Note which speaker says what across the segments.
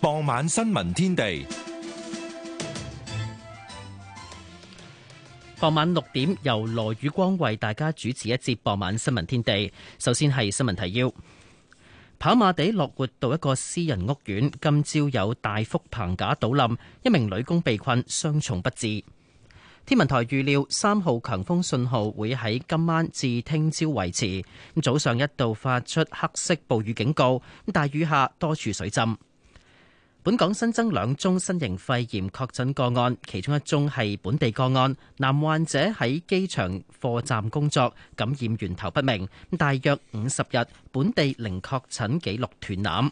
Speaker 1: 傍晚新聞天地。
Speaker 2: 傍晚六點由羅宇光為大家主持一節傍晚新聞天地。首先係新聞提要：跑馬地樂活道一個私人屋苑，今朝有大幅棚架倒冧，一名女工被困，傷重不治。天文台預料三號強風信號會喺今晚至聽朝維持。咁早上一度發出黑色暴雨警告，大雨下多處水浸。本港新增兩宗新型肺炎確診個案，其中一宗係本地個案，男患者喺機場貨站工作，感染源頭不明。大約五十日，本地零確診記錄斷纜。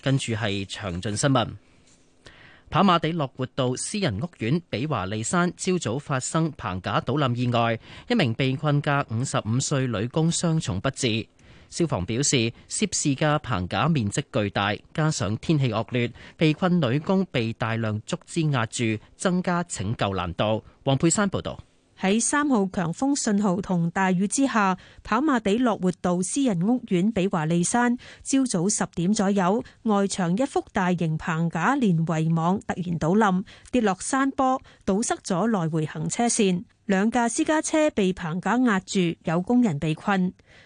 Speaker 2: 跟住係詳盡新聞。跑馬地樂活道私人屋苑比華利山，朝早發生棚架倒冧意外，一名被困嘅五十五歲女工傷重不治。消防表示，涉事嘅棚架面積巨大，加上天氣惡劣，被困女工被大量竹枝壓住，增加拯救難度。黃佩珊報道：
Speaker 3: 喺三號強風信號同大雨之下，跑馬地樂活道私人屋苑比華利山，朝早十點左右，外牆一幅大型棚架連圍網突然倒冧，跌落山坡，堵塞咗來回行車線，兩架私家車被棚架壓住，有工人被困。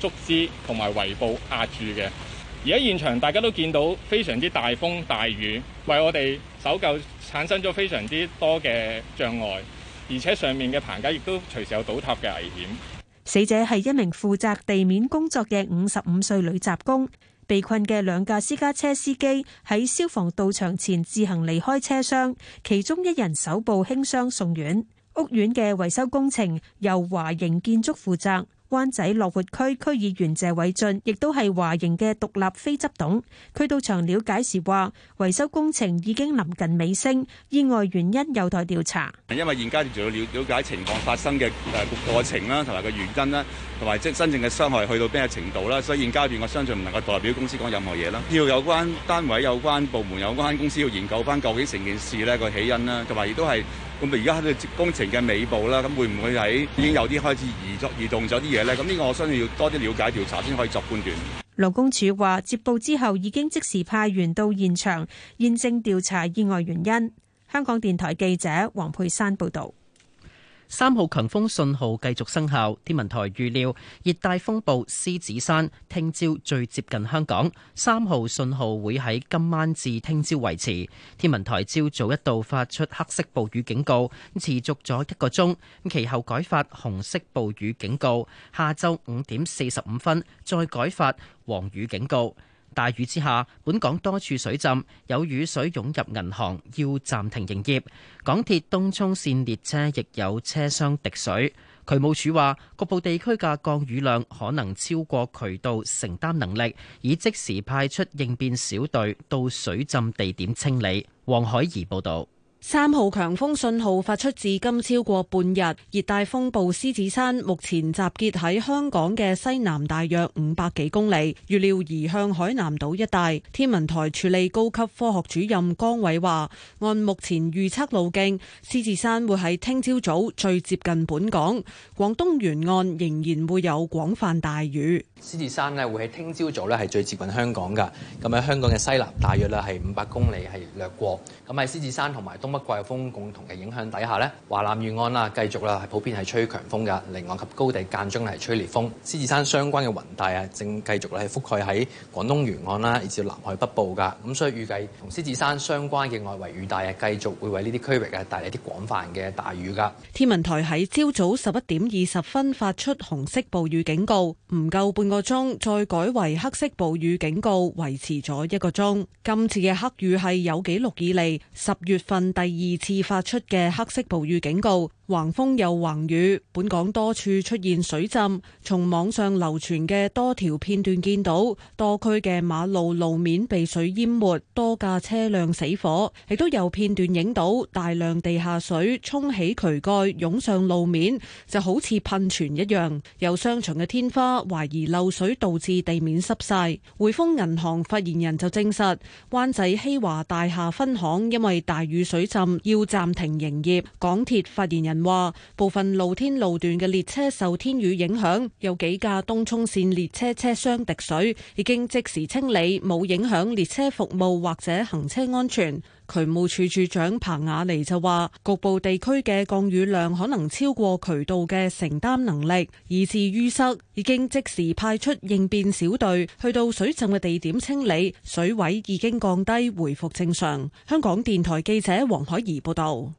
Speaker 4: 竹枝同埋圍布壓住嘅，而喺現場大家都見到非常之大風大雨，為我哋搜救產生咗非常之多嘅障礙，而且上面嘅棚架亦都隨時有倒塌嘅危險。
Speaker 3: 死者係一名負責地面工作嘅五十五歲女雜工，被困嘅兩架私家車司機喺消防到場前自行離開車廂，其中一人手部輕傷送院。屋苑嘅維修工程由華營建築負責。灣仔樂活區區議員謝偉俊亦都係華盈嘅獨立非執董，佢到場了解時話，維修工程已經臨近尾聲，意外原因有待調查。
Speaker 1: 因為現階段仲要了了解情況發生嘅誒過程啦，同埋個原因啦，同埋即真正嘅傷害去到邊個程度啦，所以現階段我相信唔能夠代表公司講任何嘢啦。要有關單位、有關部門、有關公司要研究翻究竟成件事呢個起因啦，同埋亦都係。咁咪而家喺度接工程嘅尾部啦，咁會唔會喺已經有啲開始移作移動咗啲嘢咧？咁、這、呢個我相信要多啲了解調查先可以作判斷。
Speaker 3: 勞工處話接報之後已經即時派員到現場驗證調查意外原因。香港電台記者黃佩珊報道。
Speaker 2: 三號強風信號繼續生效，天文台預料熱帶風暴獅子山聽朝最接近香港，三號信號會喺今晚至聽朝維持。天文台朝早一度發出黑色暴雨警告，持續咗一個鐘，其後改發紅色暴雨警告，下晝五點四十五分再改發黃雨警告。大雨之下，本港多處水浸，有雨水湧入銀行，要暫停營業。港鐵東涌綫列車亦有車廂滴水。渠務署話，局部地區嘅降雨量可能超過渠道承擔能力，已即時派出應變小隊到水浸地點清理。黃海怡報道。
Speaker 5: 三號強風信號發出至今超過半日，熱帶風暴獅子山目前集結喺香港嘅西南，大約五百幾公里，預料移向海南島一帶。天文台助理高級科學主任江偉話：按目前預測路徑，獅子山會喺聽朝早最接近本港，廣東沿岸仍然會有廣泛大雨。獅子山咧會喺聽朝早
Speaker 6: 咧係最接近香港㗎，咁喺香港嘅西南，大約啦係五百公里係掠過。咁喺獅子山同埋東北季風共同嘅影響底下咧，華南沿岸啊繼續啦係普遍係吹強風㗎，離岸及高地間中係吹烈風。獅子山相關嘅雲帶啊正繼續啦係覆蓋喺廣東沿岸啦，以至南海北部㗎。咁所以預計同獅子山相關嘅外圍雨帶啊，繼續會為呢啲區域啊帶嚟啲廣泛嘅大雨㗎。
Speaker 5: 天文台喺朝早十一點二十分發出紅色暴雨警告，唔夠半個鐘再改為黑色暴雨警告，維持咗一個鐘。今次嘅黑雨係有紀錄以嚟，十月份第二次發出嘅黑色暴雨警告。橫風又橫雨，本港多處出現水浸。從網上流傳嘅多條片段見到，多區嘅馬路路面被水淹沒，多架車輛死火。亦都有片段影到大量地下水沖起渠蓋，湧上路面，就好似噴泉一樣。有商場嘅天花懷疑漏水，導致地面濕晒。滙豐銀行發言人就證實，灣仔希華大廈分行因為大雨水浸要暫停營業。港鐵發言人，話部分露天路段嘅列車受天雨影響，有幾架東涌綫列車車廂滴水，已經即時清理，冇影響列車服務或者行車安全。渠務處處長彭雅妮就話，局部地區嘅降雨量可能超過渠道嘅承擔能力，以致淤塞，已經即時派出應變小隊去到水浸嘅地點清理，水位已經降低，回復正常。香港電台
Speaker 2: 記者黃海怡報道。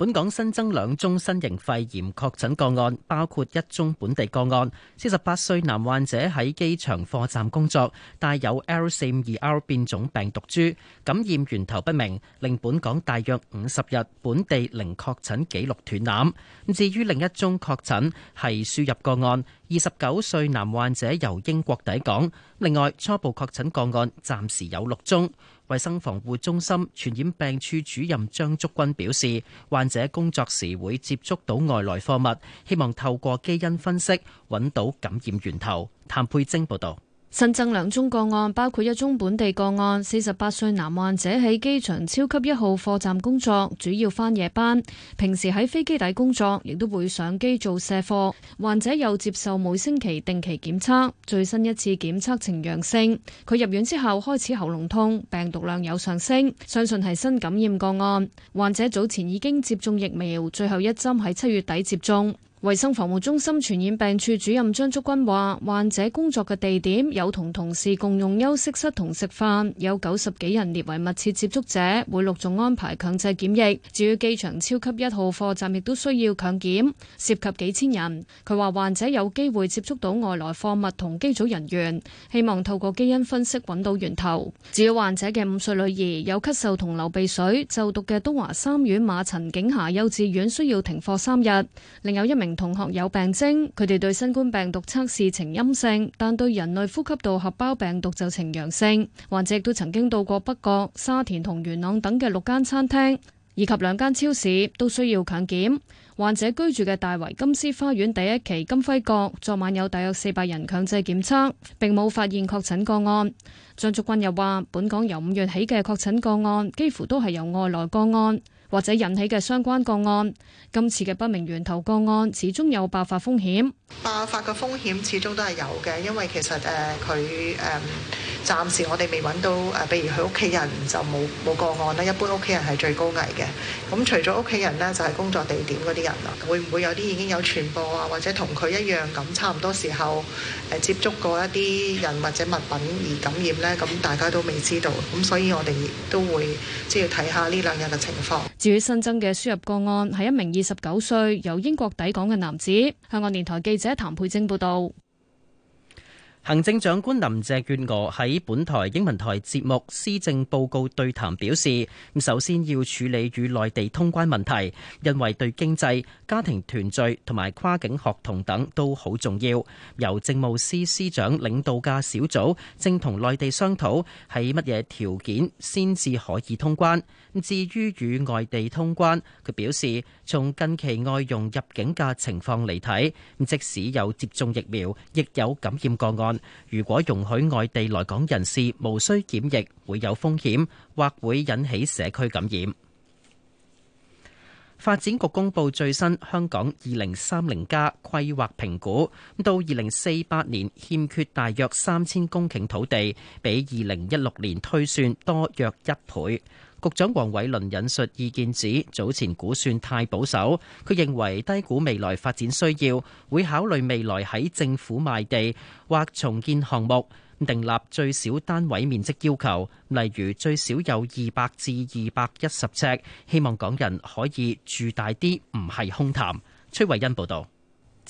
Speaker 2: 本港新增兩宗新型肺炎確診個案，包括一宗本地個案，四十八歲男患者喺機場貨站工作，帶有 L452R 變種病毒株，感染源頭不明，令本港大約五十日本地零確診記錄斷纜。至於另一宗確診係輸入個案，二十九歲男患者由英國抵港。另外，初步確診個案暫時有六宗。衛生防護中心傳染病處主任張竹君表示，患者工作時會接觸到外來貨物，希望透過基因分析揾到感染源頭。譚佩晶報道。
Speaker 7: 新增兩宗個案，包括一宗本地個案，四十八歲男患者喺機場超級一號貨站工作，主要返夜班，平時喺飛機底工作，亦都會上機做卸貨。患者又接受每星期定期檢測，最新一次檢測呈陽性。佢入院之後開始喉嚨痛，病毒量有上升，相信係新感染個案。患者早前已經接種疫苗，最後一針喺七月底接種。衛生防護中心傳染病處主任張竹君話，患者工作嘅地點有同同事共用休息室同食飯，有九十幾人列為密切接觸者，會陸續安排強制檢疫。至於機場超級一號貨站亦都需要強檢，涉及幾千人。佢話患者有機會接觸到外來貨物同機組人員，希望透過基因分析揾到源頭。至於患者嘅五歲女兒有咳嗽同流鼻水，就讀嘅東華三院馬陳景霞幼稚園需要停課三日。另有一名。同學有病徵，佢哋對新冠病毒測試呈陰性，但對人類呼吸道合胞病毒就呈陽性。患者亦都曾經到過北角、沙田同元朗等嘅六間餐廳，以及兩間超市，都需要強檢。患者居住嘅大圍金獅花園第一期金輝閣，昨晚有大約四百人強制檢測，並冇發現確診個案。張竹君又話，本港由五月起嘅確診個案，幾乎都係由外來個案，或者引起嘅相關個案，今次嘅不明源頭個案始終有爆發風險。
Speaker 5: 爆發嘅風險始終都係有嘅，因為其實誒佢誒暫時我哋未揾到誒，比如佢屋企人就冇冇個案啦。一般屋企人係最高危嘅。咁除咗屋企人呢，就係工作地點嗰啲人啦。會唔會有啲已經有傳播啊，或者同佢一樣咁差唔多時候誒接觸過一啲人或者物品而感染呢？咁大家都未知道，咁所以我哋亦都會即係要睇
Speaker 2: 下呢兩日嘅情況。
Speaker 7: 至於新增嘅輸入個案，係一名二十九歲由英國抵港嘅男子。香港電台記者譚佩晶報道。
Speaker 2: 行政長官林鄭月娥喺本台英文台節目《施政報告對談》表示，咁首先要處理與內地通關問題，因為對經濟、家庭團聚同埋跨境學童等都好重要。由政務司司長領導嘅小組正同內地商討喺乜嘢條件先至可以通關。咁至於與外地通關，佢表示從近期外傭入境嘅情況嚟睇，咁即使有接種疫苗，亦有感染個案。如果容許外地來港人士無需檢疫，會有風險，或會引起社區感染。發展局公布最新香港二零三零加規劃評估，到二零四八年欠缺大約三千公頃土地，比二零一六年推算多約一倍。局長黃偉綸引述意見指，早前估算太保守，佢認為低估未來發展需要，會考慮未來喺政府賣地或重建項目，訂立最少單位面積要求，例如最少有二百至二百一十尺，希望港人可以住大啲，唔係空談。崔慧恩報道。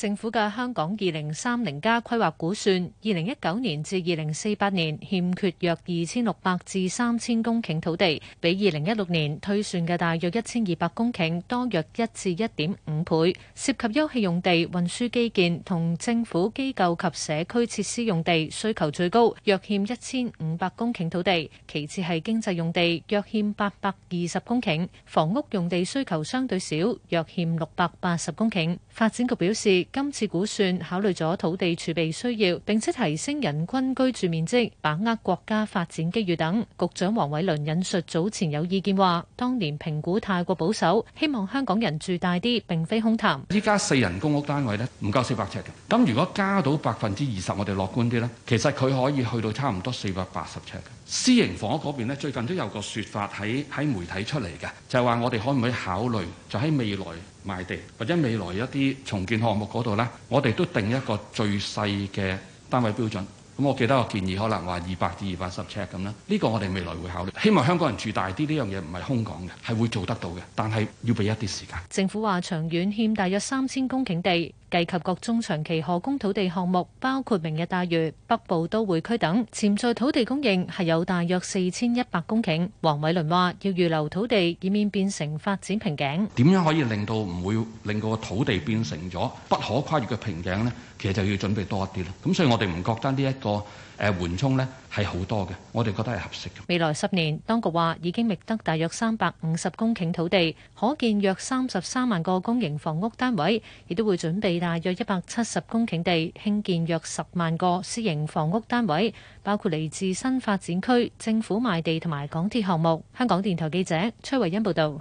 Speaker 8: 政府嘅香港二零三零加規劃估算，二零一九年至二零四八年欠缺約二千六百至三千公頃土地，比二零一六年推算嘅大約一千二百公頃多約一至一點五倍。涉及休憩用地、運輸基建同政府機構及社區設施用地需求最高，約欠一千五百公頃土地；其次係經濟用地，約欠八百二十公頃；房屋用地需求相對少，約欠六百八十公頃。發展局表示。今次估算考慮咗土地儲備需要，並且提升人均居住面積，把握國家發展機遇等。局長黃偉綸引述早前有意見話，當年評估太過保守，希望香港人住大啲，並非空談。
Speaker 9: 依家四
Speaker 10: 人公屋單位呢，唔夠四百尺嘅，咁如果加到百分之二十，我哋樂觀啲咧，其實佢可以去到差唔多四百八十尺私營房屋嗰邊呢，最近都有個說法喺喺媒體出嚟嘅，就係話我哋可唔可以考慮就喺未來賣地或者未來一啲重建項目嗰度呢，我哋都定一個最細嘅單位標準。咁我記得個建議可能話二百至二百十尺咁啦。呢個我哋未來會考慮，希望香港人住大啲呢樣嘢唔係空講嘅，係會做得到嘅，但係要俾一啲時間。
Speaker 8: 政府話長遠欠大約三千公頃地。計及各中長期可供土地項目，包括明日大嶼、北部都會區等，潛在土地供應係有大約四千一百公頃。黃偉綸話：要預留土地，以免變成發展瓶頸。
Speaker 10: 點樣可以令到唔會令個土地變成咗不可跨越嘅瓶頸呢？其實就要準備多一啲啦。咁所以我哋唔覺得呢一個誒緩衝呢。係好多嘅，我哋覺得係合適嘅。
Speaker 8: 未來十年，當局話已經覓得大約三百五十公頃土地，可建約三十三萬個公營房屋單位，亦都會準備大約一百七十公頃地，興建約十萬個私營房屋單位，包括嚟自新發展區、政府賣地同埋港鐵項目。香港電台記者崔慧欣報道。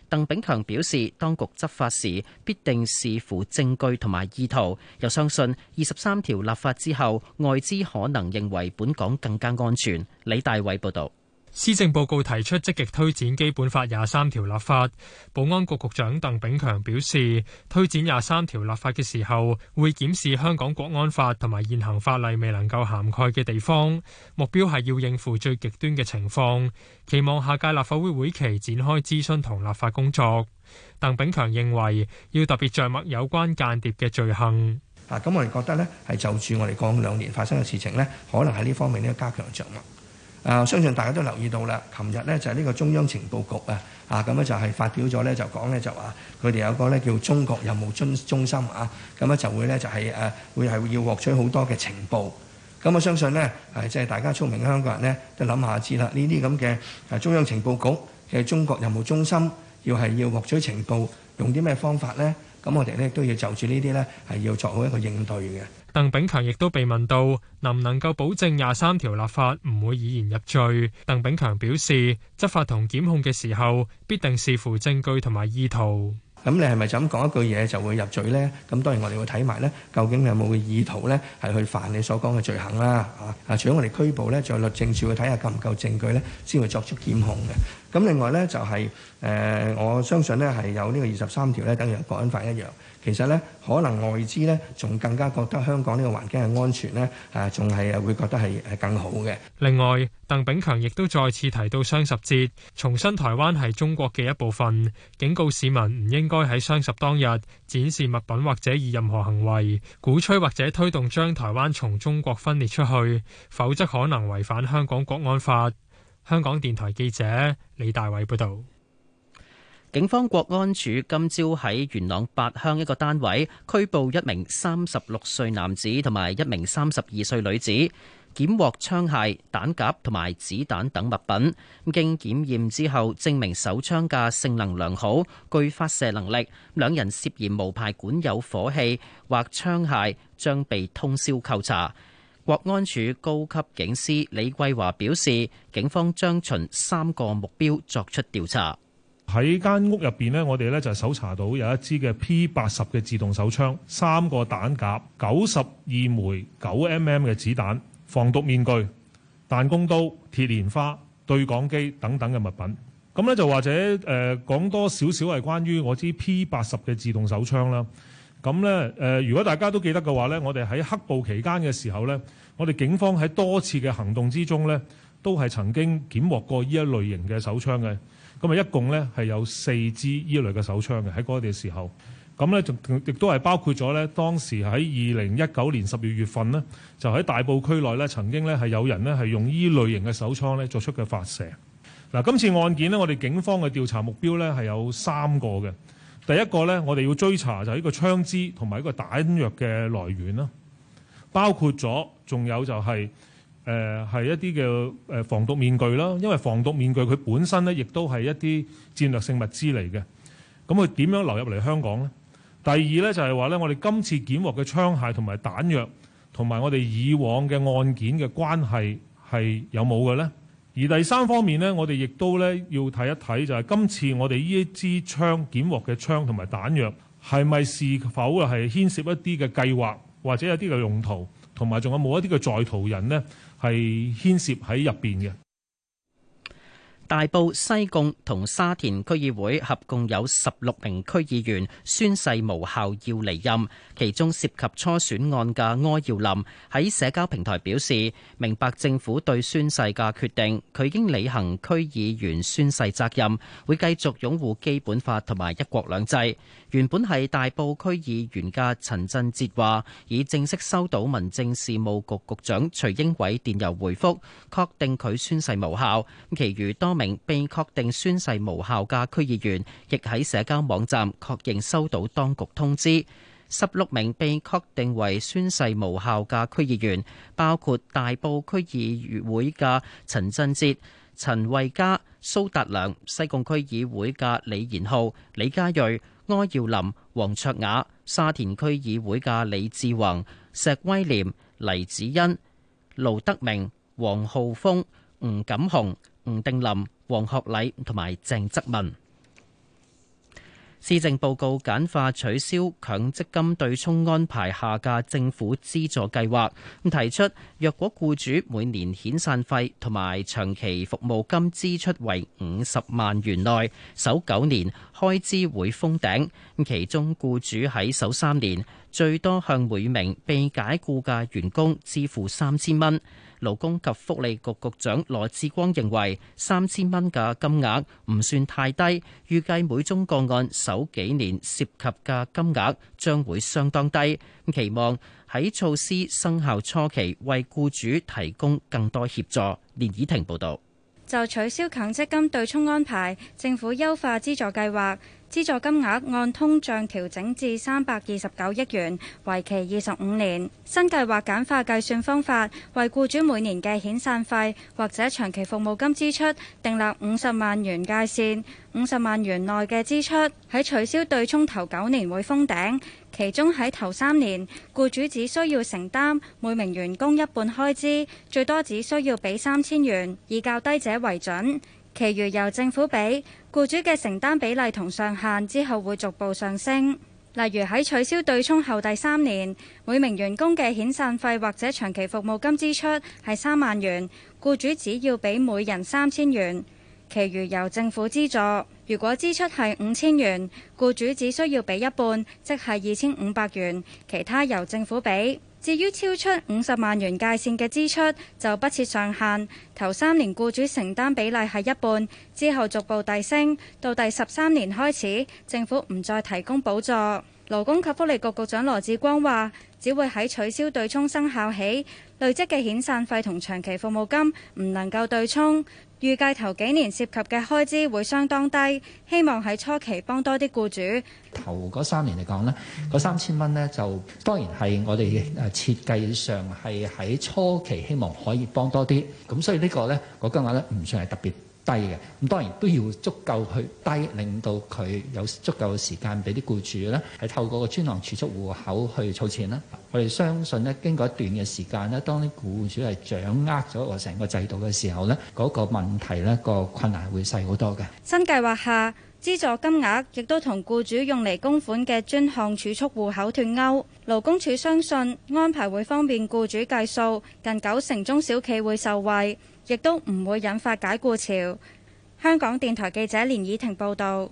Speaker 2: 鄧炳強表示，當局執法時必定視乎證據同埋意圖，又相信二十三條立法之後，外資可能認為本港更加安全。李大偉報道。
Speaker 4: 施政報告提出積極推展基本法廿三條立法，保安局局長鄧炳強表示，推展廿三條立法嘅時候，會檢視香港國安法同埋現行法例未能夠涵蓋嘅地方，目標係要應付最極端嘅情況，期望下屆立法會會期展開諮詢同立法工作。鄧炳強認為要特別著墨有關間諜嘅罪
Speaker 10: 行。嗱，咁我哋覺得呢，係就住我哋過兩年發生嘅事情呢，可能喺呢方面呢加強掌握。啊！相信大家都留意到啦，琴日咧就係、是、呢個中央情報局啊，啊咁咧、啊、就係、是、發表咗咧就講咧就話佢哋有個咧叫中國任務中心啊，咁、啊、咧、啊、就會咧就係、是、誒、啊、會係要獲取好多嘅情報。咁、啊、我、啊、相信咧誒即係大家聰明嘅香港人咧都諗下知啦，呢啲咁嘅中央情報局嘅中國任務中心要係要獲取情報，用啲咩方法咧？咁我哋咧都要就住呢啲呢，係要作好一個應對嘅。
Speaker 4: 鄧炳強亦都被問到，能唔能夠保證廿三條立法唔會以言入罪？鄧炳強表示，執法同檢控嘅時候，必定視乎證據同埋意圖。
Speaker 10: 咁你係咪就咁講一句嘢就會入罪咧？咁當然我哋會睇埋咧，究竟你有冇意圖咧，係去犯你所講嘅罪行啦。啊，啊，除咗我哋拘捕咧，在律政處去睇下夠唔夠證據咧，先會作出檢控嘅。咁另外咧就係誒，我相信咧係有呢個二十三條咧，等於《國安法》一樣。其實呢，可能外資呢，仲更加覺得香港呢個環境係安全呢，啊、仲係會覺得係係更好嘅。
Speaker 4: 另外，鄧炳強亦都再次提到雙十節，重申台灣係中國嘅一部分，警告市民唔應該喺雙十當日展示物品或者以任何行為鼓吹或者推動將台灣從中國分裂出去，否則可能違反香港國安法。香港電台記者李大偉報道。
Speaker 2: 警方國安處今朝喺元朗八鄉一個單位拘捕一名三十六歲男子同埋一名三十二歲女子，檢獲槍械、彈匣同埋子彈等物品。經檢驗之後，證明手槍嘅性能良好，具發射能力。兩人涉嫌無牌管有火器或槍械，將被通宵扣查。國安處高級警司李桂華表示，警方將循三個目標作出調查。
Speaker 9: 喺間屋入邊呢，我哋呢就搜查到有一支嘅 P 八十嘅自動手槍、三個彈夾、九十二枚九 mm 嘅子彈、防毒面具、彈弓刀、鐵蓮花、對講機等等嘅物品。咁呢，就或者誒、呃、講多少少係關於我支 P 八十嘅自動手槍啦。咁呢，誒、呃，如果大家都記得嘅話呢，我哋喺黑暴期間嘅時候呢，我哋警方喺多次嘅行動之中呢，都係曾經檢獲過呢一類型嘅手槍嘅，咁啊一共呢係有四支呢類嘅手槍嘅喺嗰地時候，咁呢就亦都係包括咗呢。當時喺二零一九年十二月份呢，就喺大埔區內呢曾經呢係有人呢係用呢類型嘅手槍呢作出嘅發射。嗱，今次案件呢，我哋警方嘅調查目標呢係有三個嘅，第一個呢，我哋要追查就係呢個槍支同埋一個彈藥嘅來源啦，包括咗仲有就係。誒、呃、係一啲嘅防毒面具啦，因為防毒面具佢本身咧，亦都係一啲戰略性物資嚟嘅。咁佢點樣流入嚟香港呢？第二咧就係話咧，我哋今次檢獲嘅槍械同埋彈藥，同埋我哋以往嘅案件嘅關係係有冇嘅呢？而第三方面呢，我哋亦都咧要睇一睇，就係今次我哋呢一支槍檢獲嘅槍同埋彈藥，係咪是，是否係牽涉一啲嘅計劃，或者一啲嘅用途，同埋仲有冇一啲嘅在逃人呢？係牽涉喺入邊嘅。大埔、西貢同沙田區
Speaker 2: 議會合共有十六名區議員宣誓無效要離任，其中涉及初選案嘅柯耀林喺社交平台表示明白政府對宣誓嘅決定，佢已經履行區議員宣誓責任，會繼續擁護基本法同埋一國兩制。原本係大埔區議員嘅陳振哲話已正式收到民政事務局局長徐英偉電郵回覆，確定佢宣誓無效。其餘多名名被確定宣誓無效嘅區議員，亦喺社交網站確認收到當局通知。十六名被確定為宣誓無效嘅區議員，包括大埔區議會嘅陳振哲、陳慧嘉、蘇達良、西貢區議會嘅李賢浩、李嘉瑞、柯耀林、黃卓雅、沙田區議會嘅李志宏、石威廉、黎子欣、盧德明、黃浩峰、吳錦紅。吳定林、黃學禮同埋鄭則文。施政報告簡化取消強積金對沖安排下嘅政府資助計劃，咁提出若果僱主每年遣散費同埋長期服務金支出為五十萬元內，首九年開支會封頂，其中僱主喺首三年最多向每名被解僱嘅員工支付三千蚊。勞工及福利局局長羅志光認為，三千蚊嘅金額唔算太低，預計每宗個案首幾年涉及嘅金額將會相當低。期望喺措施生效初期，為僱主提供更多協助。連綺婷報道。
Speaker 11: 就取消強積金對沖安排，政府優化資助計劃。資助金額按通脹調整至三百二十九億元，為期二十五年。新計劃簡化計算方法，為僱主每年嘅遣散費或者長期服務金支出訂立五十萬元界線，五十萬元內嘅支出喺取消對沖頭九年會封頂，其中喺頭三年，僱主只需要承擔每名員工一半開支，最多只需要俾三千元，以較低者為準。其餘由政府俾，僱主嘅承擔比例同上限之後會逐步上升。例如喺取消對沖後第三年，每名員工嘅遣散費或者長期服務金支出係三萬元，僱主只要俾每人三千元，其餘由政府資助。如果支出係五千元，僱主只需要俾一半，即係二千五百元，其他由政府俾。至於超出五十萬元界線嘅支出，就不設上限。頭三年僱主承擔比例係一半，之後逐步遞升，到第十三年開始，政府唔再提供補助。勞工及福利局局長羅致光話，只會喺取消對沖生效起，累積嘅遣散費同長期服務金唔能夠對沖。預計頭幾年涉及嘅開支會相當低，希望喺初期幫多啲僱主。
Speaker 12: 頭嗰三年嚟講咧，嗰三千蚊咧就
Speaker 10: 當然係我哋誒設計上係喺初期希望可以幫多啲。咁所以呢個咧、嗰金額咧唔算係特別低嘅，咁當然都要足夠去低，令到佢有足夠嘅時間俾啲僱主呢，係透過個專項儲蓄戶口去
Speaker 12: 儲錢啦。我哋相信呢，經過一段嘅時間呢，當啲僱主係掌握咗個成個制度嘅時候呢，嗰個問題呢個困難會細好多嘅。
Speaker 11: 新計劃下，資助金額亦都同僱主用嚟供款嘅專項儲蓄戶口脫鈎，勞工處相信安排會方便僱主計數，近九成中小企會受惠。亦都唔會引發解雇潮。香港電台記者連以婷報道，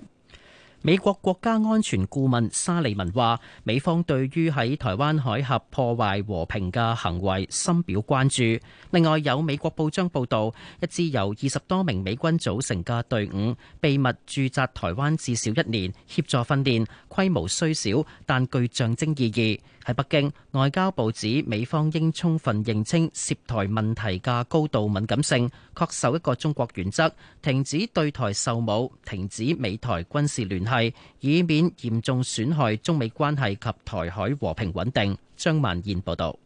Speaker 2: 美國國家安全顧問沙利文話，美方對於喺台灣海峽破壞和平嘅行為深表關注。另外，有美國報章報道，一支由二十多名美軍組成嘅隊伍，秘密駐紮台灣至少一年，協助訓練，規模雖小，但具象徵意義。喺北京，外交部指美方應充分認清涉台問題嘅高度敏感性，恪守一個中國原則，停止對台售武，停止美台軍事聯繫，以免嚴重損害中美關係及台海和平穩定。張曼燕報道。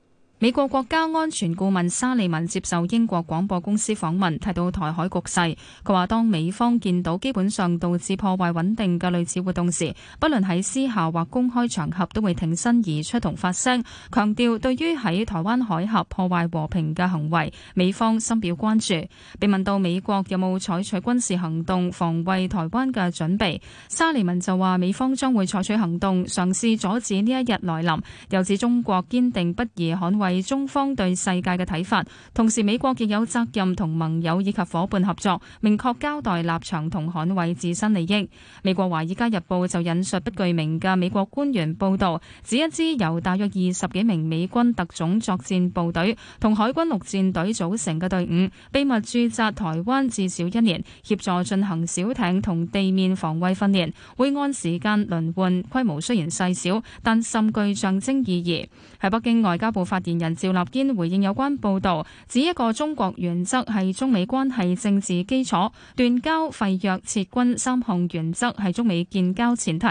Speaker 13: 美國國家安全顧問沙利文接受英國廣播公司訪問，提到台海局勢。佢話：當美方見到基本上導致破壞穩定嘅類似活動時，不論喺私下或公開場合，都會挺身而出同發聲。強調對於喺台灣海峽破壞和平嘅行為，美方深表關注。被問到美國有冇採取軍事行動防衛台灣嘅準備，沙利文就話：美方將會採取行動，嘗試阻止呢一日來臨。又指中國堅定不移捍衛。中方對世界嘅睇法，同時美國亦有責任同盟友以及夥伴合作，明確交代立場同捍衛自身利益。美國《華爾街日報》就引述不具名嘅美國官員報道，指一支由大約二十幾名美軍特種作戰部隊同海軍陸戰隊組成嘅隊伍，秘密駐紮台灣至少一年，協助進行小艇同地面防衛訓練。會按時間輪換，規模雖然細小，但甚具象徵意義。喺北京外交部發言。人趙立堅回應有關報道，指一個中國原則係中美關係政治基礎，斷交、廢約、撤軍三項原則係中美建交前提。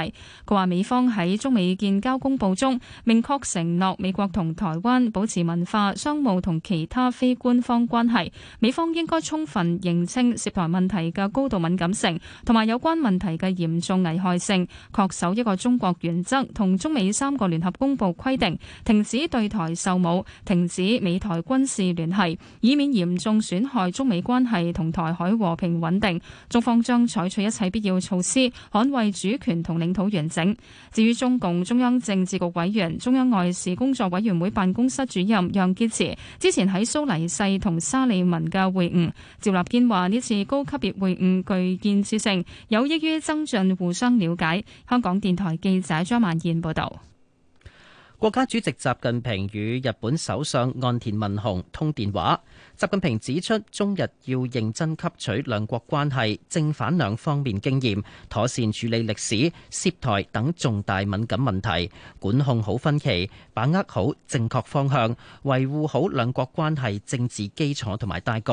Speaker 13: 佢話美方喺中美建交公報中明確承諾，美國同台灣保持文化、商務同其他非官方關係。美方應該充分認清涉台問題嘅高度敏感性，同埋有關問題嘅嚴重危害性，恪守一個中國原則同中美三個聯合公報規定，停止對台售武，停止美台軍事聯繫，以免嚴重損害中美關係同台海和平穩定。中方將採取一切必要措施，捍衛主權同領土完整。至於中共中央政治局委員、中央外事工作委員會辦公室主任楊潔篪之前喺蘇黎世同沙利文嘅會晤，趙立堅話呢次高級別會晤具建設性，有益於增進互相了解。香港電台記者張曼燕報道。
Speaker 2: 國家主席習近平與日本首相岸田文雄通電話。習近平指出，中日要認真吸取兩國關係正反兩方面經驗，妥善處理歷史、涉台等重大敏感問題，管控好分歧，把握好正確方向，維護好兩國關係政治基礎同埋大局。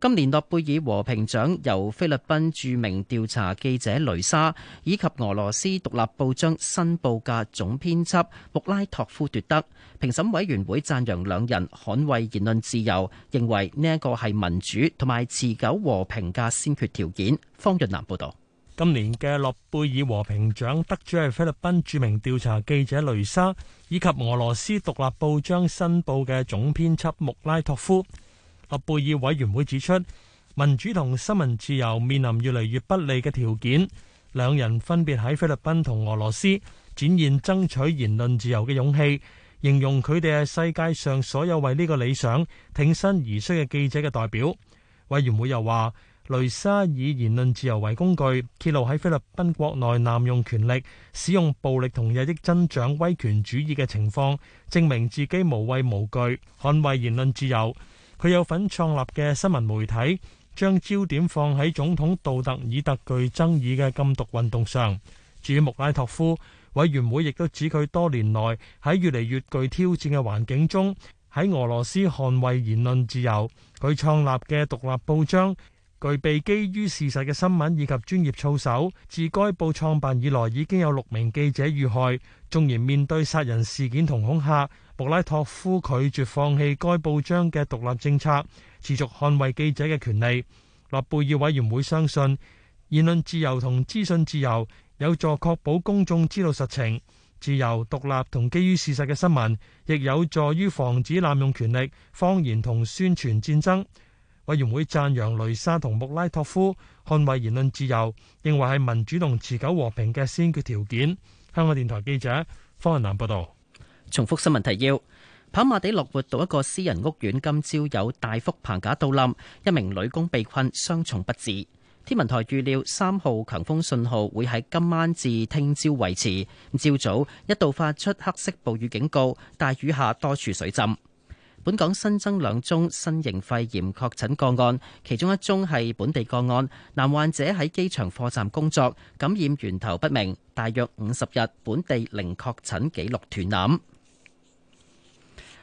Speaker 2: 今年諾貝爾和平獎由菲律賓著名調查記者雷莎以及俄羅斯獨立報章新報嘅總編輯穆拉托夫奪得。評審委員會讚揚兩人捍衞言論自由，認為呢一個係民主同埋持久和平嘅先決條件。方潤南報導。
Speaker 1: 今年嘅諾貝爾和平獎得主係菲律賓著名調查記者雷莎，以及俄羅斯獨立報章新報嘅總編輯穆拉托夫。諾貝爾委員會指出，民主同新聞自由面臨越嚟越不利嘅條件。兩人分別喺菲律賓同俄羅斯展現爭取言論自由嘅勇氣，形容佢哋係世界上所有為呢個理想挺身而出嘅記者嘅代表。委員會又話，雷沙以言論自由為工具，揭露喺菲律賓國內濫用權力、使用暴力同日益增長威權主義嘅情況，證明自己無畏無懼，捍衛言論自由。佢有份創立嘅新聞媒體，將焦點放喺總統杜特爾特具爭議嘅禁毒運動上。至於穆拉托夫，委員會亦都指佢多年來喺越嚟越具挑戰嘅環境中，喺俄羅斯捍衛言論自由。佢創立嘅獨立報章，具備基於事實嘅新聞以及專業操守。自該報創辦以來，已經有六名記者遇害，縱然面對殺人事件同恐嚇。穆拉托夫拒絕放棄該報章嘅獨立政策，持續捍衛記者嘅權利。諾貝爾委員會相信，言論自由同資訊自由有助確保公眾知道實情，自由獨立同基於事實嘅新聞，亦有助於防止濫用權力、謊言同宣傳戰爭。委員會讚揚雷沙同穆拉托夫捍衛言論自由，認為係民主同持久和平嘅先決條件。香港電台記者
Speaker 2: 方雲南報道。重複新聞提要：跑馬地樂活道一個私人屋苑，今朝有大幅棚架倒冧，一名女工被困，傷重不治。天文台預料三號強風信號會喺今晚至聽朝維持。朝早一度發出黑色暴雨警告，大雨下多處水浸。本港新增兩宗新型肺炎確診個案，其中一宗係本地個案，男患者喺機場貨站工作，感染源頭不明。大約五十日，本地零確診記錄斷纜。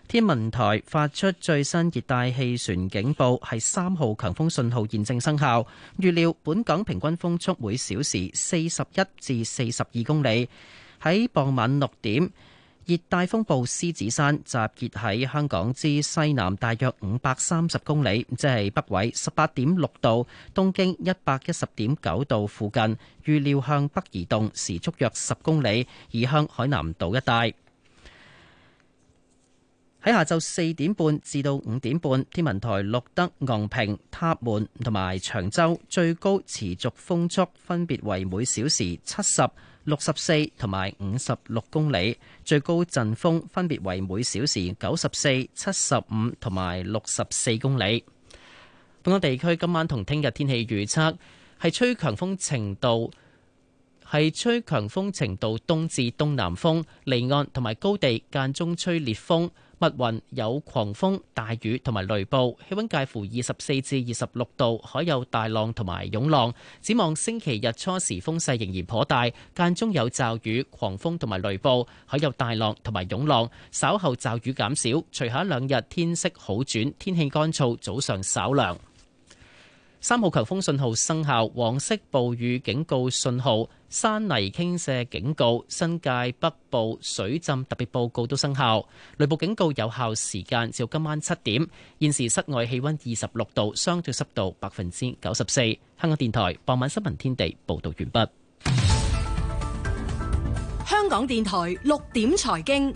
Speaker 2: 天文台發出最新熱帶氣旋警報，係三號強風信號現正生效。預料本港平均風速每小時四十一至四十二公里。喺傍晚六點，熱帶風暴獅子山集結喺香港之西南大約五百三十公里，即係北緯十八點六度、東經一百一十點九度附近。預料向北移動，時速約十公里，移向海南島一帶。喺下晝四點半至到五點半，天文台錄得昂平、塔門同埋長洲最高持續風速分別為每小時七十、六十四同埋五十六公里，最高陣風分別為每小時九十四、七十五同埋六十四公里。本港地區今晚同聽日天氣預測係吹強風程度。係吹強風程度東至東南風，離岸同埋高地間中吹烈風，密雲有狂風、大雨同埋雷暴，氣溫介乎二十四至二十六度，海有大浪同埋湧浪。展望星期日初時風勢仍然頗大，間中有驟雨、狂風同埋雷暴，海有大浪同埋湧浪。稍後驟雨減少，隨後兩日天色好轉，天氣乾燥，早上稍涼。三號強風信號生效，黃色暴雨警告信號、山泥傾瀉警告、新界北部水浸特別報告都生效。雷暴警告有效時間至今晚七點。現時室外氣溫二十六度，相對濕度百分之九十四。香港電台傍晚新聞天地報道完畢。
Speaker 5: 香港電台六點財經。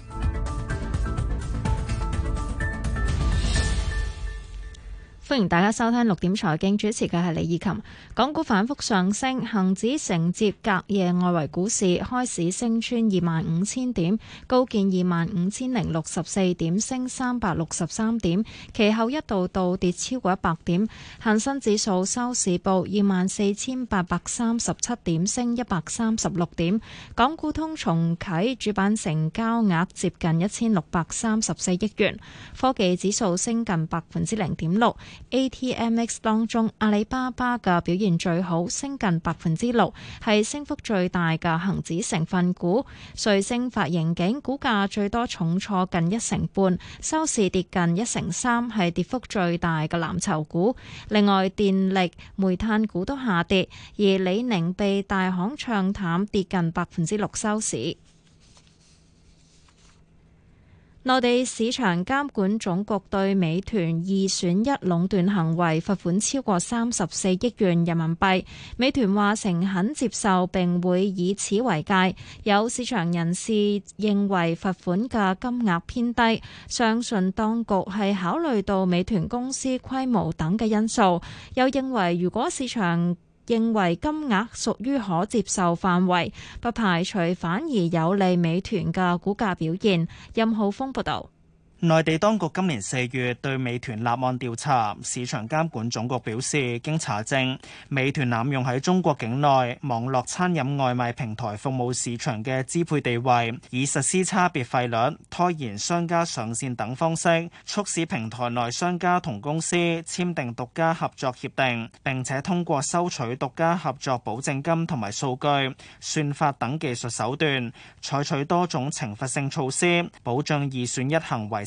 Speaker 14: 歡迎大家收聽六點財經，主持嘅係李以琴。港股反覆上升，恒指承接隔夜外圍股市，開市升穿二萬五千點，高見二萬五千零六十四點，升三百六十三點。其後一度倒跌超過一百點，恒生指數收市報二萬四千八百三十七點，升一百三十六點。港股通重啟，主板成交額接近一千六百三十四億元，科技指數升近百分之零點六。A T M X 當中，阿里巴巴嘅表現最好，升近百分之六，係升幅最大嘅恒指成分股。瑞聲發盈警股價最多重挫近一成半，收市跌近一成三，係跌幅最大嘅藍籌股。另外，電力煤炭股都下跌，而李寧被大行唱淡，跌近百分之六收市。內地市場監管總局對美團二選一壟斷行為罰款超過三十四億元人民幣。美團話誠懇接受，並會以此為戒。有市場人士認為罰款嘅金額偏低，相信當局係考慮到美團公司規模等嘅因素，又認為如果市場認為金額屬於可接受範圍，不排除反而有利美團嘅股價表現。任浩峰報道。
Speaker 12: 內地當局今年四月對美團立案調查，市場監管總局表示，經查證，美團濫用喺中國境內網絡餐飲外賣平台服務市場嘅支配地位，以實施差別費率、拖延商家上線等方式，促使平台內商家同公司簽訂獨家合作協定，並且通過收取獨家合作保證金同埋數據、算法等技術手段，採取多種懲罰性措施，保障二選一行為。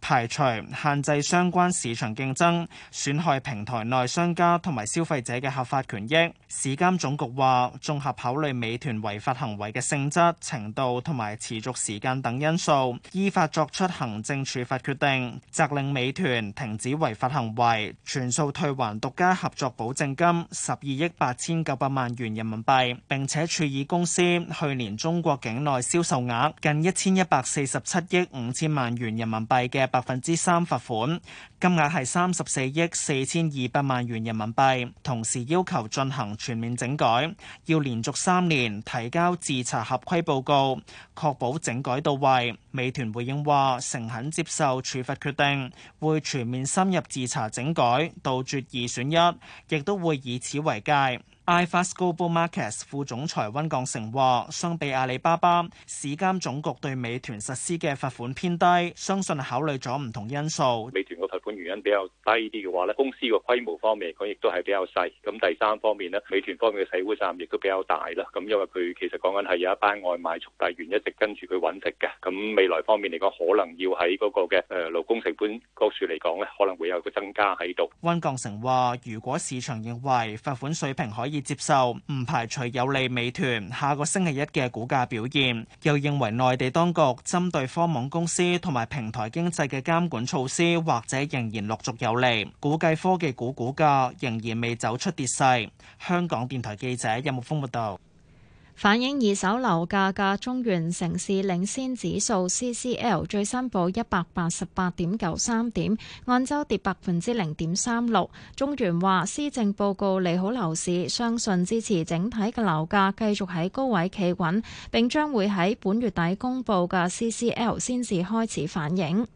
Speaker 12: 排除限制相關市場競爭，損害平台內商家同埋消費者嘅合法權益。市監總局話，綜合考慮美團違法行為嘅性質、程度同埋持續時間等因素，依法作出行政處罰決定，責令美團停止違法行為，全數退還獨家合作保證金十二億八千九百萬元人民幣，並且處以公司去年中國境內銷售額近一千一百四十七億五千萬元人民幣嘅。百分之三罰款，金額係三十四億四千二百萬元人民幣，同時要求進行全面整改，要連續三年提交自查合規報告，確保整改到位。美團回應話，誠懇接受處罰決定，會全面深入自查整改，杜絕二選一，亦都會以此為戒。iFast Global Markets 副總裁溫國成話，相比阿里巴巴，市監總局對美團實施嘅罰款偏低，相信考慮咗唔同因素。美
Speaker 4: 團個罰款原因比較低啲嘅話咧，公司個規模方面嚟講亦都係比較細。咁第三方面咧，美團方面嘅洗污站亦都比較大啦。咁因為佢其實講緊係有一班外賣速遞員一直跟住佢揾食嘅。咁未來方面嚟講，可能要喺嗰個嘅誒勞工成本高處嚟講咧，可能會有個增加喺度。
Speaker 12: 溫國成話，如果市場認為罰款水平可以接受唔排除有利美團下個星期一嘅股價表現，又認為內地當局針對科網公司同埋平台經濟嘅監管措施，或者仍然陸續有利，估計科技股股價仍然未走出跌勢。香港電台記者任木峰報道。
Speaker 14: 反映二手樓價嘅中原城市領先指數 CCL 最新報一百八十八點九三點，按週跌百分之零點三六。中原話施政報告利好樓市，相信支持整體嘅樓價繼續喺高位企穩，並將會喺本月底公布嘅 CCL 先至開始反映。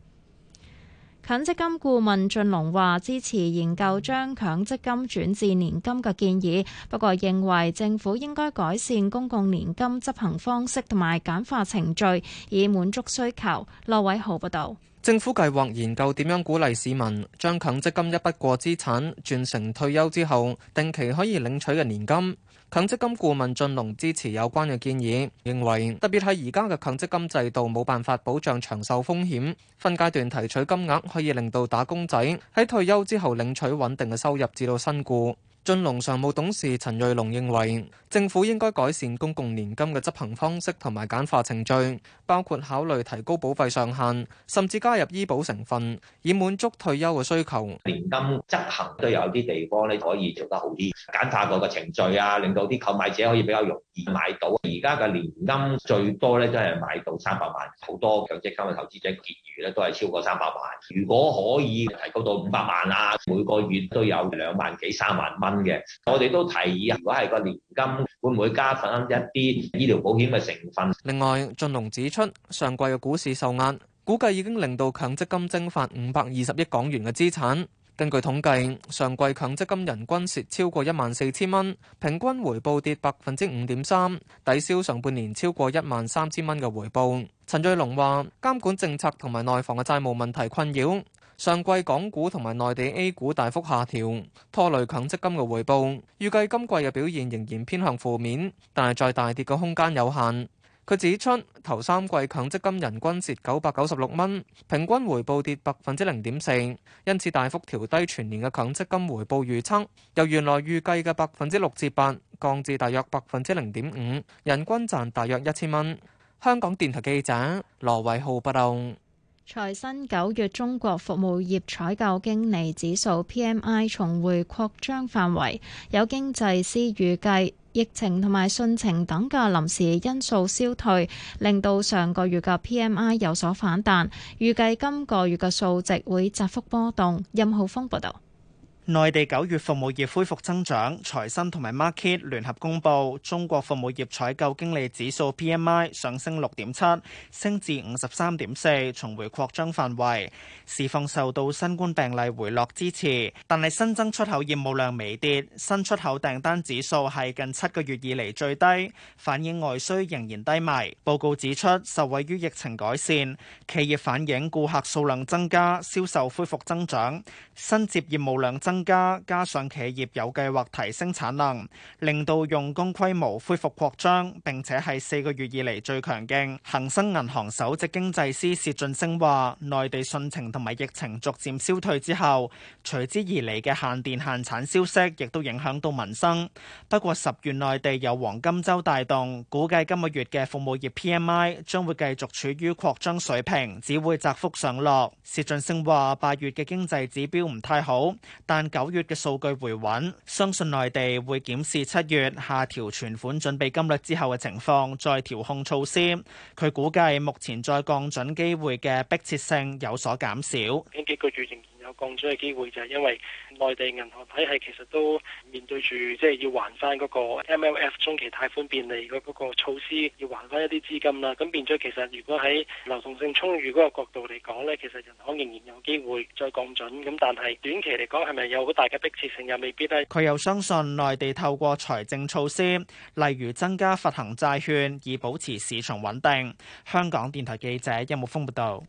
Speaker 14: 強積金顧問俊龍話：支持研究將強積金轉至年金嘅建議，不過認為政府應該改善公共年金執行方式同埋簡化程序，以滿足需求。羅偉豪報道，
Speaker 6: 政府計劃研究點樣鼓勵市民將強積金一筆過資產轉成退休之後定期可以領取嘅年金。強積金顧問進龍支持有關嘅建議，認為特別係而家嘅強積金制度冇辦法保障長壽風險，分階段提取金額可以令到打工仔喺退休之後領取穩定嘅收入至新，至到身故。俊龍常務董事陳瑞龍認為，政府應該改善公共年金嘅執行方式同埋簡化程序，包括考慮提高保費上限，甚至加入醫保成分，以滿足退休嘅需求。
Speaker 12: 年金執行都有啲地方咧，可以做得好啲，簡化 𠮶 個程序啊，令到啲購買者可以比較容易買到。而家嘅年金最多咧都係買到三百萬，好多強積金嘅投資者結餘咧都係超過三百萬。如果可以提高到五百萬啊，每個月都有兩萬幾三萬蚊。嘅，我哋都提議，如果係個年金，會唔會加返一啲醫療保險嘅成
Speaker 6: 分？另外，俊龍指出，上季嘅股市受壓，估計已經令到強積金蒸發五百二十億港元嘅資產。根據統計，上季強積金人均蝕超過一萬四千蚊，平均回報跌百分之五點三，抵消上半年超過一萬三千蚊嘅回報。陳瑞龍話：監管政策同埋內房嘅債務問題困擾。上季港股同埋內地 A 股大幅下調，拖累強積金嘅回報，預計今季嘅表現仍然偏向負面，但係再大跌嘅空間有限。佢指出，頭三季強積金人均蝕九百九十六蚊，平均回報跌百分之零點四，因此大幅調低全年嘅強積金回報預測，由原來預計嘅百分之六至八，降至大約百分之零點五，人均賺大約一千蚊。香港電台記者羅偉浩報道。
Speaker 14: 財新九月中國服務業採購經理指數 PMI 重回擴張範圍，有經濟師預計疫情同埋汛情等嘅臨時因素消退，令到上個月嘅 PMI 有所反彈，預計今個月嘅數值會窄幅波動。任浩峰報道。
Speaker 12: 內地九月服務業恢復增長，財新同埋 Markit 聯合公布，中國服務業採購經理指數 PMI 上升六點七，升至五十三點四，重回擴張範圍。市況受到新冠病例回落支持，但係新增出口業務量微跌，新出口訂單指數係近七個月以嚟最低，反映外需仍然低迷。報告指出，受惠於疫情改善，企業反映顧客數量增加，銷售恢復增長，新接業務量增，加加上企業有計劃提升產能，令到用工規模恢復擴張，並且係四個月以嚟最強勁。恒生銀行首席經濟師薛俊升話：內地汛情同埋疫情逐漸消退之後，隨之而嚟嘅限電限產消息，亦都影響到民生。不過十月內地有黃金周帶動，估計今個月嘅服務業 P M I 將會繼續處於擴張水平，只會窄幅上落。薛俊升話：八月嘅經濟指標唔太好，但近九月嘅數據回穩，相信內地會檢視七月下調存款準備金率之後嘅情況，再調控措施。佢估計目前再降準機會嘅迫切性有所減少。
Speaker 1: 降準嘅機會就係因為內地銀行體系其實都面對住即係要還翻嗰個 MLF 中期貸款便利嗰個措施，要還翻一啲資金啦。咁變咗其實如果喺流動性充裕嗰個角度嚟講咧，其實銀行仍然有機會再降準，咁但係短期嚟講，係咪有好大嘅迫切性又未必咧。佢
Speaker 12: 又相信內地透過財政措施，例如增加發行債券，以保持市場穩定。香港電台記者邱木峰報道。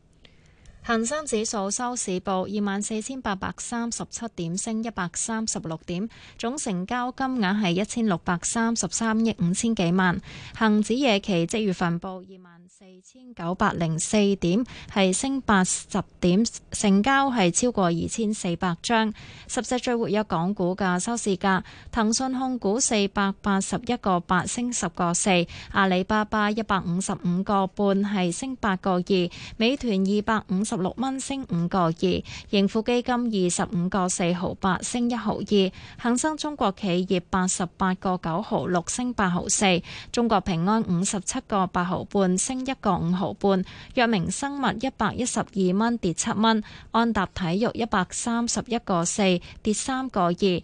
Speaker 14: 恒生指數收市報二萬四千八百三十七點，升一百三十六點，總成交金額係一千六百三十三億五千幾萬。恒指夜期即月份報二萬四千九百零四點，係升八十點，成交係超過二千四百張。十隻最活躍港股嘅收市價：騰訊控股四百八十一個八升十個四，阿里巴巴一百五十五個半係升八個二，美團二百五十。十六蚊升五個二，盈富基金二十五個四毫八升一毫二，恒生中國企業八十八個九毫六升八毫四，中國平安五十七個八毫半升一個五毫半，藥明生物一百一十二蚊跌七蚊，安踏體育一百三十一個四跌三個二，李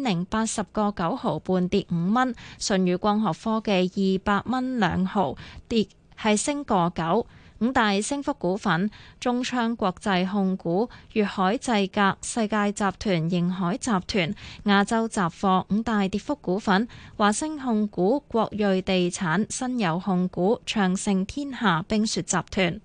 Speaker 14: 寧八十個九毫半跌五蚊，舜宇光學科技二百蚊兩毫跌，係升個九。五大升幅股份：中昌國際控股、粵海製革、世界集團、盈海集團、亞洲雜貨。五大跌幅股份：華升控股、國瑞地產、新友控股、長盛天下、冰雪集團。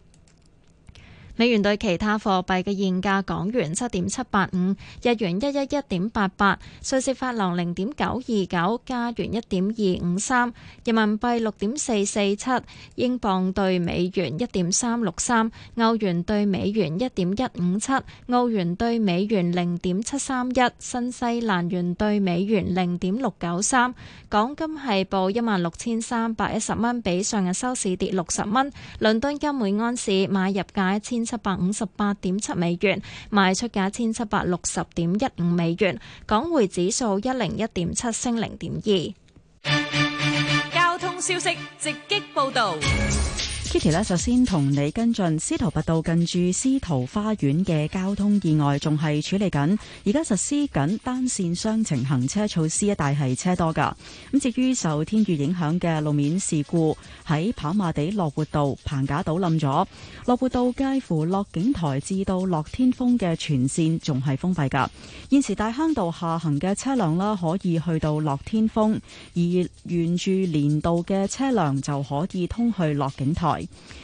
Speaker 14: 美元對其他貨幣嘅現價：港元七點七八五，日元一一一點八八，瑞士法郎零點九二九，加元一點二五三，人民幣六點四四七，英鎊對美元一點三六三，歐元對美元一點一五七，澳元對美元零點七三一，新西蘭元對美元零點六九三。港金係報一萬六千三百一十蚊，比上日收市跌六十蚊。倫敦金每安士買入價一千七百五十八點七美元，賣出價一千七百六十點一五美元，港匯指數一零一點七升零點二。
Speaker 7: 交通消息直擊報道。
Speaker 15: Kitty 咧，首先同你跟進司徒拔道近住司徒花園嘅交通意外，仲係處理緊，而家實施緊單線雙程行車措施，一帶係車多噶。咁至於受天雨影響嘅路面事故，喺跑馬地樂活道棚架倒冧咗，樂活道介乎樂景台至到樂天峰嘅全線仲係封閉噶。現時大坑道下行嘅車輛啦，可以去到樂天峰，而沿住連道嘅車輛就可以通去樂景台。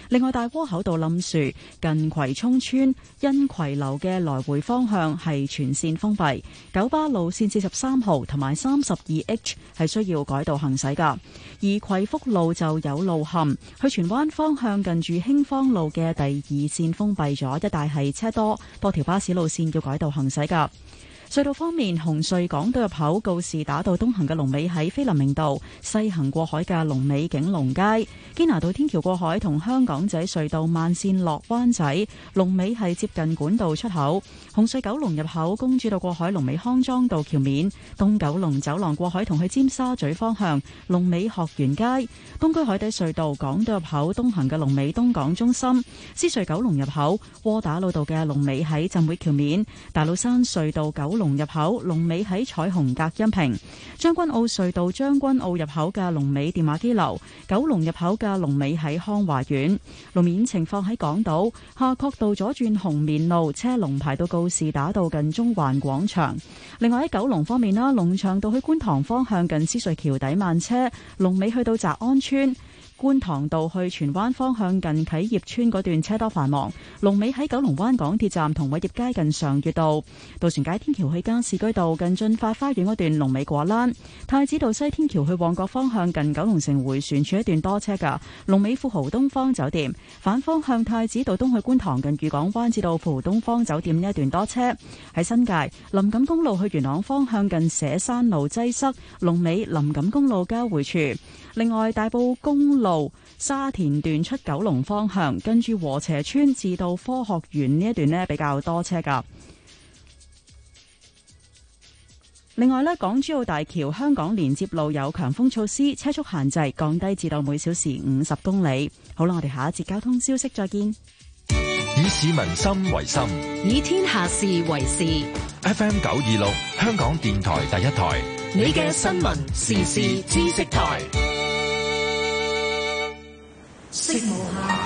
Speaker 15: 另外，大窩口道冧樹，近葵涌村因葵樓嘅來回方向係全線封閉，九巴路線四十三號同埋三十二 H 係需要改道行駛噶而葵福路就有路陷，去荃灣方向近住興芳路嘅第二線封閉咗，一帶係車多，多條巴士路線要改道行駛噶隧道方面，紅隧港島入口告士打道東行嘅龍尾喺菲林明道，西行過海嘅龍尾景隆街。堅拿道天橋過海同香港仔隧道慢線落灣仔龍尾係接近管道出口。紅隧九龍入口公主道過海龍尾康莊道橋面，東九龍走廊過海同去尖沙咀方向龍尾學園街。東區海底隧道港島入口東行嘅龍尾東港中心。獅隧九龍入口窩打老道嘅龍尾喺浸會橋面。大老山隧道九龍紅入口龍尾喺彩虹隔音屏。將軍澳隧道將軍澳入口嘅龍尾電話機樓，九龍入口嘅龍尾喺康華苑。路面情況喺港島下角道左轉紅棉路車龍排到告士打道近中環廣場。另外喺九龍方面啦，龍翔道去觀塘方向近獅隧橋底慢車龍尾去到澤安村。觀塘道去荃灣方向近啟業村嗰段車多繁忙，龍尾喺九龍灣港鐵站同偉業街近上月道；渡船街天橋去加士居道近駿發花園嗰段龍尾果欄；太子道西天橋去旺角方向近九龍城回旋處一段多車㗎，龍尾富豪東方酒店；反方向太子道東去觀塘近御港灣至到富豪東方酒店呢一段多車；喺新界林錦公路去元朗方向近舍山路擠塞，龍尾林錦公路交匯處。另外，大埔公路沙田段出九龍方向，跟住禾輋邨至到科學園呢一段呢比較多車㗎。另外呢，港珠澳大橋香港連接路有強風措施，車速限制降低至到每小時五十公里。好啦，我哋下一節交通消息再見。
Speaker 4: 以市民心為心，
Speaker 15: 以天下事為事。
Speaker 4: FM 九二六，香港電臺第一臺。
Speaker 15: 你嘅新聞時
Speaker 9: 事知識台，識。